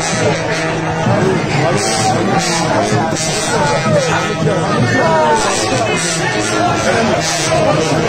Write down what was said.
I'm gonna go to the